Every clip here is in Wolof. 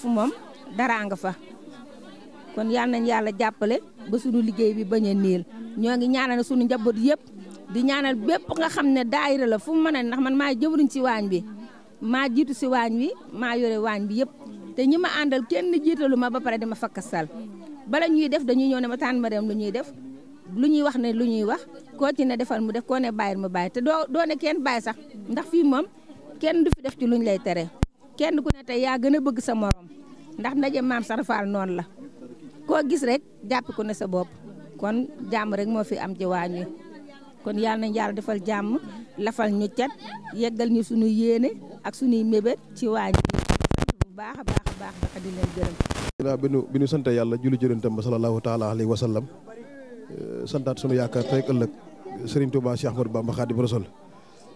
fu moom dara nga fa kon yal nañ yàlla jàppale ba sunu liggéey bi bañ a niil ñoo ngi ñaanal sunu njaboot yëpp di ñaanal bépp nga xam ne daayira la fu mu mën ndax man maa jëwriñ ci waañ bi maa jiitu si waañ wi maa yore waañ bi yëpp te ñi ma àndal kenn jiitalu ma ba pare dama fakkasal bala ñuy def dañuy ñëw ne ma tànn ma dem lu ñuy def lu ñuy wax ne lu ñuy wax koo ci ne defal mu def koo ne bàyyil mu bàyyi te doo doo ne kenn bàyyi sax ndax fii moom kenn du fi def ci luñ lay tere kenn ku ne tey yaa gën a bëgg sa morom ndax ndaje maam sarfaal noon la koo gis rek jàpp ku ne sa bopp kon jàmm rek moo fi am ci waañ kon yàlla nañ yàlla defal jàmm lafal ñu cat yeggal ñu sunu yéene ak suñuy mébét ci waañ bu baax a baax a baax dafa di leen gërëm ginnaaw bi nu bi nu sant yàlla julli jërëntam ba salallaahu taala alayhi wa sallam santaat sunu yaakaar tey ëllëg Serigne Touba Cheikh Ahmadou Bamba Khadim Rassoul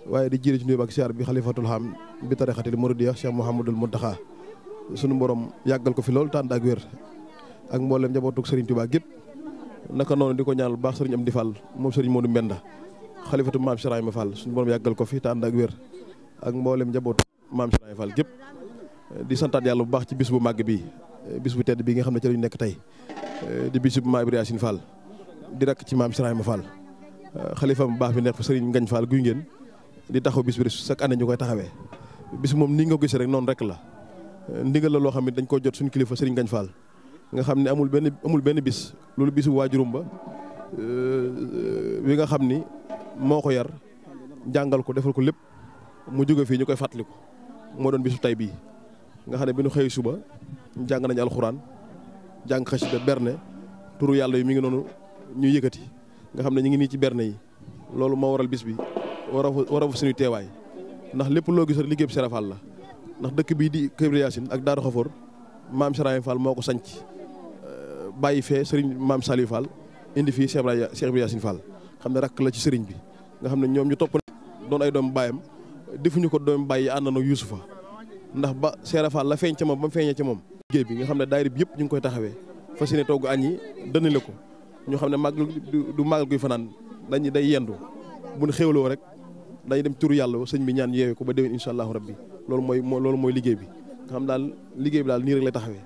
waye di jiri ci nuyu ak siyaar bi khalifatul ham bi tarixatil muridiya Cheikh Mouhamadul Mountakha sunu borom yagal ko fi lol tan dag wer ak mbollem jabotuk Serigne Touba gep naka non di konyal ñaanal baax Serigne di fal mom Serigne Modou Mbenda khalifatul maam Cheikh Fall sunu borom yagal ko fi tan dag wer ak mbollem jabot maam Cheikh fal Fall gépp di santat yalla bu baax ci bis bu bi bis tedd bi nga xamne ci lañu nek tay di bis ibrahim yassine di rak ci mam Cheikh Ibrahima Fall xalifa bu baax bi nek Serigne Ngagne Fall guy ngeen di taxaw bis bi chaque année ñukoy taxawé bis mom ni nga ko rek non rek la ndigal la lo xamni dañ ko jot suñu kilifa Serigne Gagne Fall nga xamni amul beni amul ben bis lolu bisu wajurum ba euh, wi nga xamni moko yar jangal ko defal ko lepp mu joge fi ñukoy mo bisu tay bi nga xam binu xey suba jang nañ alquran jang khashida berne turu yalla yi mi ngi nonu ñu yëkëti nga xam ñi ngi ni ci berne yi lolu mo waral bis bi war a war a fa suñuy teewaay ndax lépp loo gis rek liggéey bi Serigne Fall la ndax dëkk bii di Kër Yacine ak Daaru Xafoor maam Serigne Fall moo ko sanc euh, bàyyi fee Serigne maam Saliou Fall indi fii Cheikh Yacine Fall xam ne rakk la ci Serigne bi nga xam ne ñoom ñu topp doon ay doom bàyyam defuñu ko doom bàyyi ànd na fa ndax ba Serigne Fall la feeñ ca moom ba mu feeñee ca moom liggéey bi nga xam ne daayira bi yëpp ñu ngi koy taxawee fas yéene togg ko ñu xam ne màggal du màggal guy fanaan dañu day yendu day dem turu yàlla sëñ bi ñaan yeewee ko ba déwén incha allahu rabbi loolu mooy loolu mooy liggéey bi nga xam daal liggéey bi daal nii rek lay taxawee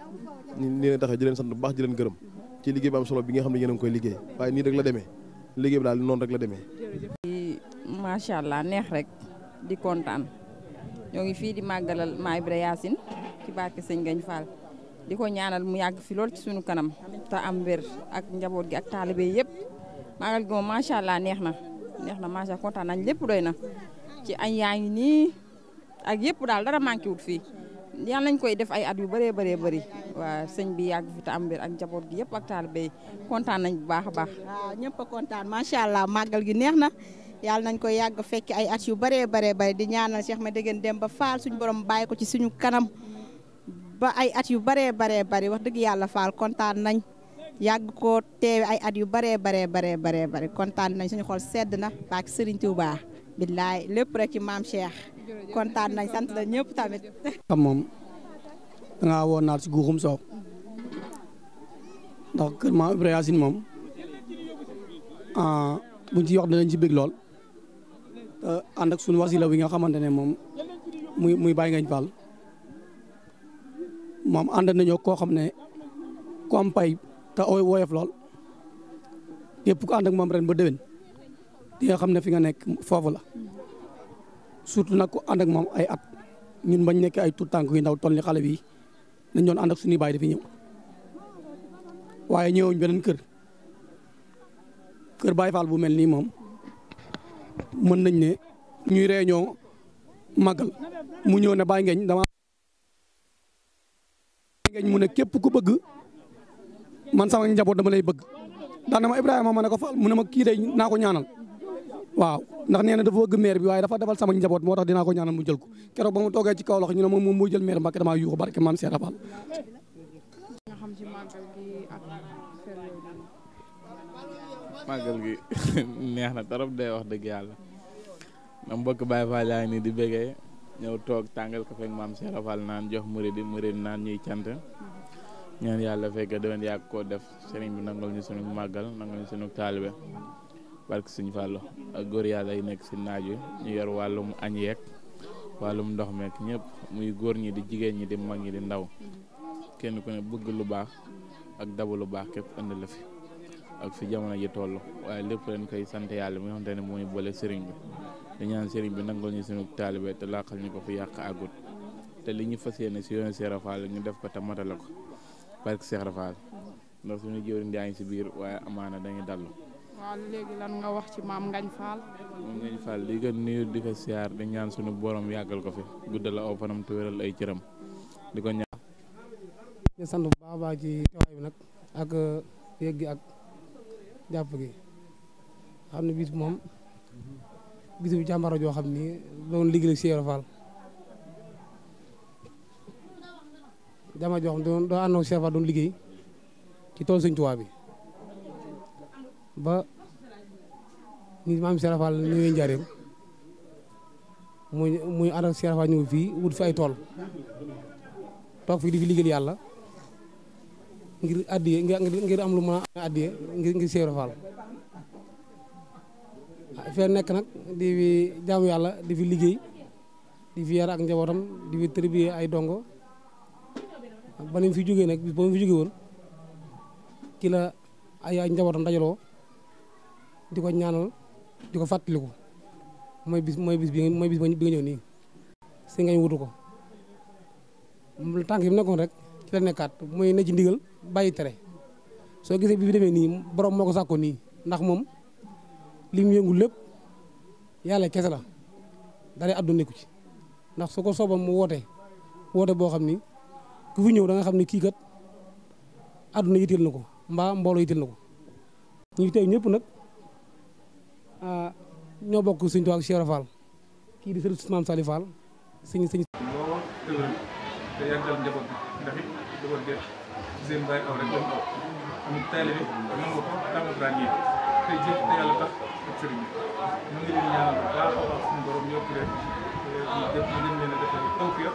nii lay taxawee di leen sant bu baax di leen gërëm ci liggéey bi am solo bi ne yéen a ngi koy liggéey waaye nii rek la demee liggéey bi daal noonu rek la demee. macha allah neex rek di kontaan ñoo ngi fii di màggalal maa Ibra Yaasin ci barke sëñ Gañ Fall di ko ñaanal mu yàgg fi lool ci suñu kanam te am wér ak njaboot gi ak taalibe yëpp màggal gi moom macha allah neex na. neex na macha kontaan nañ lépp doy na ci añ yaa ngi nii ak yëpp daal dara manqué wut fii yal nañ koy def ay at yu bëree bëree bëri waa sëñ bi yàgg fi te am mbir ak njaboot gi yëpp ak taalibe yi kontaan nañ bu baax a baax. waaw ñëpp kontaan macha allah màggal gi neex na yàlla nañ ko yàgg fekk ay at yu bëree bëree bëri di ñaanal Cheikh ma dégg dem ba faal suñ borom bàyyi ko ci suñu kanam ba ay at yu bëree bëree bari wax dëgg yàlla faal kontaan nañ. yàgg ko teewe ay at yu baree baree baree baree bare kontaan nañ suñu xol sedd na baak Serigne Touba billaay lépp rek ci maam Cheikh kontaan nañ sant na ñëpp tamit. xam moom dangaa woon naat si guuxum soow ndax kër maam Ibrahima Yacine moom ah, buñ ci wax danañ ci bëgg lool te suñu wasila wi nga xamante ne moom muy muy bàyyi ngañ faal moom ànd nañoo koo xam ne ku pay te woyof lool yëpp ku ànd ak moom ren ba déwén di nga xam ne fi nga nekk foofu la surtout nag ku ànd ak moom ay at ñun bañ nekk ay tout tànk yu ndaw toll ni xale bi dañ doon ànd ak suñuy baay dafa ñëw waaye ñëwuñ beneen kër kër Baay Faal bu mel nii moom mën nañ ne ñuy reeñoo màggal mu ñëw ne Baay Ngeeñ dama Baay Ngeeñ mu ne képp ku bëgg man sama njabot dama lay bëgg daan na ma Ibrahima ma ne ko Fall mu ne ma ki day nako ñaanal waaw ndax neena dafa bëgg mère bi waye dafa defal sama njabot motax dina ko ñaanal mu jël ko kéro ba mu toogee ci kaw loxo ñu ne mo mo jël mère mbacké dama yu yuuxu barke maam Cheikh Fall. màggal gi neexna torop day wax deug yalla mbokk bay di bëggee ñëw tok tangal ko fek mam Cheikh rafal nan jox murid mouride murid ñuy ñaan yàlla fekk déwén yàgg koo def sëriñ bi nangal ñu sunu màggal nangal ñu sunu taalibe barki suñu fàllu ak góor yàlla yi nekk si naaj wi ñu yor wàllum añ yeeg wàllum ndox meek ñëpp muy góor ñi di jigéen ñi di mag ñi di ndaw kenn ku ne bëgg lu baax ak dabu lu baax képp ënd la fi ak fi jamono ji toll waaye lépp leen koy sant yàlla mi nga xamante ne mooy boole sëriñ bi di ñaan sëriñ bi nangal ñu sunu taalibe te laqal ñu ko fi yàq agut te li ñu fas yéene si yoon ñu def ko te matale ko. barke Cheikh Rafal ndax suñu jëwriñ yaa ngi si biir waaye amaana dañuy dallu. waaw léegi lan nga wax ci maam Ngañ Fall. maam Ngañ Fall di ko nuyu di ko siyaar di ñaan suñu borom yàggal ko fi guddal aw fanam te wéral ay cëram di ko ñaan. ñu sant bu baax a baax ci teewaay bi nag ak uh, yéeg gi ak jàpp gi xam ne bis moom mhm. bis bu jàmbaro joo xam ni doon liggéey Cheikh Rafal. dama jox do ne doo àndoon Cheikh Fall doon ci tol seigne touba bi ba ni maam Cheikh ni ñëwee njaareem muy muy ànd ak Cheikh Fall ñëw fii wut fi ay tol tok fi di fi liggéeyal yalla ngir addi ngir am lu ma addi ngir ngir Cheikh Fall ah, fee nek nak di fi jaamu yàlla di fi liggéey di fi yar ak njabotam di fi tërbiye ay dongo ba fi joge nak bo fi joge won ci la ay ay njabotam dajalo diko ko ñaanal di ko moy bis moy bis bi moy bis bi ñew ni se si ngañ wutu ko tànk yi mu rek ci la nekkat moy na ci ndigal bayyi tere so gisee bi bi demee ni borom moko sakko ni ndax mom lim mu lepp yalla kessa la dara àdduna ci ndax suko sobam mu wote wote bo xamni ku fi ñew da nga xamni ki kat aduna yitil nako mba mbolo yitil nako ñi tay teew nak ah ño bokk señ tuwaak Cheikh rafal ki di Fall te ndax it aw rek bi ko te jëf te tax ak sëriñ bi ngi leen ñaanal borom def ñu defal tawfiq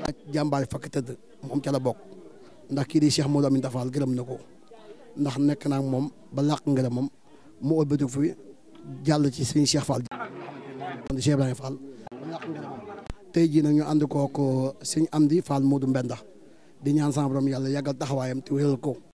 na jàmbaar fakk tëdd moom ca bokk ndax kii di Cheikh Modou Amin Dafal gërëm na ko ndax nekk naa moom ba làq moom mu ëlbatiku fi jàll ci sëñ Cheikh Fall Cheikh Ibrahima Fall tey jii nag ñu ànd kook sëñ Amdi Fall du Mbenda di ñaan sama borom yàlla yàggal taxawaayam te wéral ko